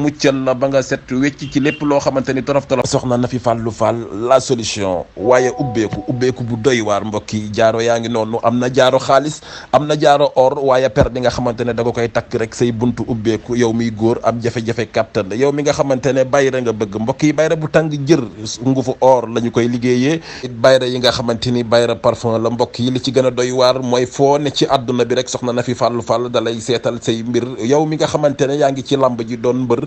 muccal la ba nga set wecc ci lépp loo xamante ni torof torof soxna na fi fàllu fàll la solution waaye ubbeeku ubbeeku bu doy waar mbokki jaaro yaa ngi noonu am na jaaro xaalis am na jaaro or waaye per bi nga xamante ne da nga koy takk rek say buntu ubbeeku yow miy góor am jafe-jafe kàttan yow mi nga xamante ne bayra nga bëgg mbokk yi bayra bu tàng jër ngufu or la koy liggéeyee bayra yi nga xamante ni bayra parfum la mbokk yi li ci gën a doy waar mooy foo ne ci àdduna bi rek soxna na fi fàllu fàll dalay seetal say mbir yow mi nga xamante ne yaa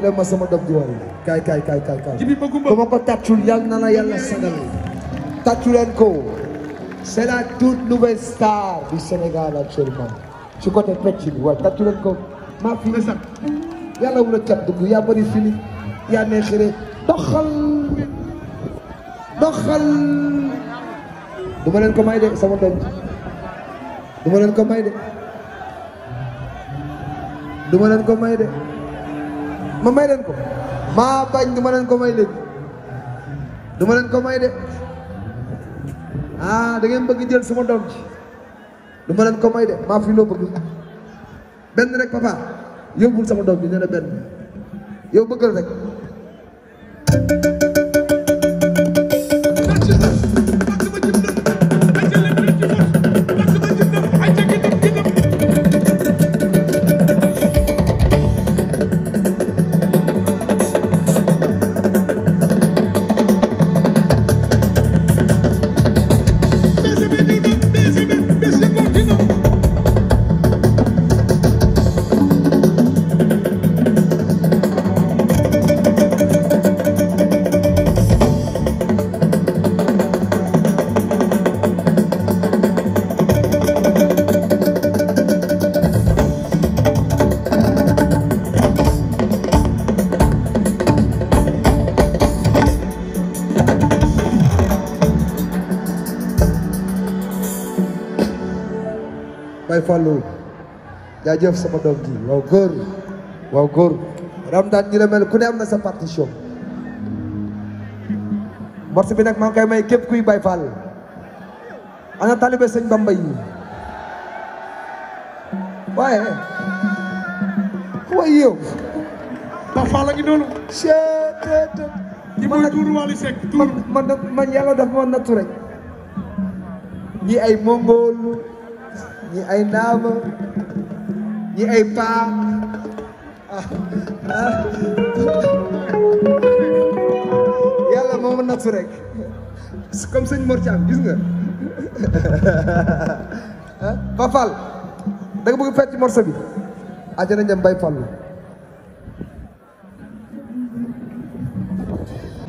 bi la ma sama doom di wari kaay kaay kaay kaay kaay ba ma ko tàccul yàlla na la yàlla sagal tàccu leen ko c'est la toute nouvelle star du Sénégal actuellement ci côté pecc bi waaye tàccu leen ko maa fi yàlla wula cat dugg yaa bëri fili yaa neexere doxal doxal du ma leen ko may de sama doom du ma leen ko may de du ma leen ko may de ma may leen ko maa bañ du ma leen ko may léegi du ma leen ko may de ah da ngeen bëgg jël sama doom ji du ma leen ko may de maa fi loo benn rek papa yóbbul sama doom ji ña na benn yow bëggal rek Baye Fallou jaajëf sama doom ji waaw góor waaw góor Ramdan la mel ku ne am na sa partition morceau bi nag maa ngi may képp kuy Baye Fall ana talibé sëñ Bamba yi waaye waaye yow Baye Fall ngi noonu li mooy tuuru Wally Seck tuuru man man yàlla dafa ma nattu rek ay mongol ñi ay ndaama ñi ay paa yàlla moo ma nattu rek comme sëñ Mor Thiam gis nga Ba Fall da nga bëgg fecc morso bi ajana jëm bay fallu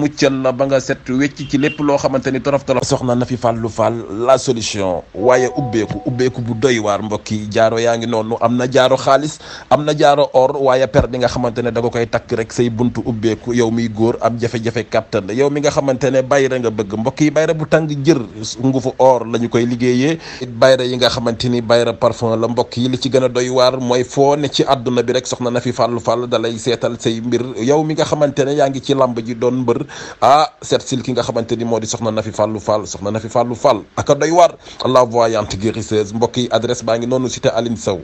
muccal la ba nga set wecc ci lépp loo xamante ni torof torof soxna na fi fàllu faal la solution waaye ubbeeku ubbeeku bu doy waar mbokk yi jaaro yaa ngi noonu am na jaaro xaalis am na jaaro or waaye per bi nga xamante ne da nga koy takk rek say buntu ubbeeku yow miy góor am jafe-jafe kàttan yow mi nga xamante ne bayra nga bëgg mbokk yi bayra bu tàng jër ngufu or lañu koy liggéeyee bayra yi nga xamante ni bayra parfum la mbokk yi li ci gën a doy waar foo ne ci àdduna bi rek soxna na fi fàllu faal dalay seetal say mbir yow mi nga xamante ne yaa ngi ci lamb ji doon mbër ah seet sil ki nga xamante ni moo di soxna Nafi Fallou Fall soxna Nafi Fallou Fall ak a doy waar la voyante guérisseuse mbokk yi adresse baa ngi noonu cité Aline Sow